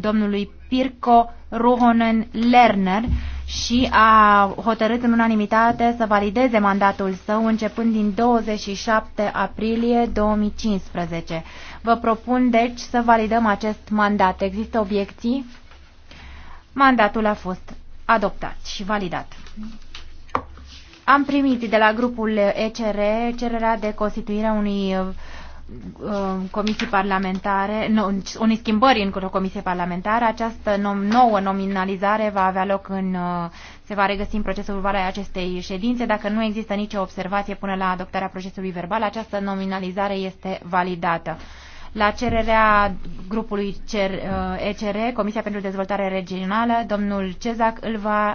domnului Pirco Ruhonen Lerner și a hotărât în unanimitate să valideze mandatul său începând din 27 aprilie 2015. Vă propun deci să validăm acest mandat. Există obiecții? Mandatul a fost adoptat și validat. Am primit de la grupul ECR cererea de constituirea unui Uh, comisii parlamentare, nu, unei schimbări în comisie parlamentară. Această nouă nominalizare va avea loc în, uh, se va regăsi în procesul verbal al acestei ședințe. Dacă nu există nicio observație până la adoptarea procesului verbal, această nominalizare este validată. La cererea grupului ECR, uh, Comisia pentru Dezvoltare Regională, domnul Cezac îl va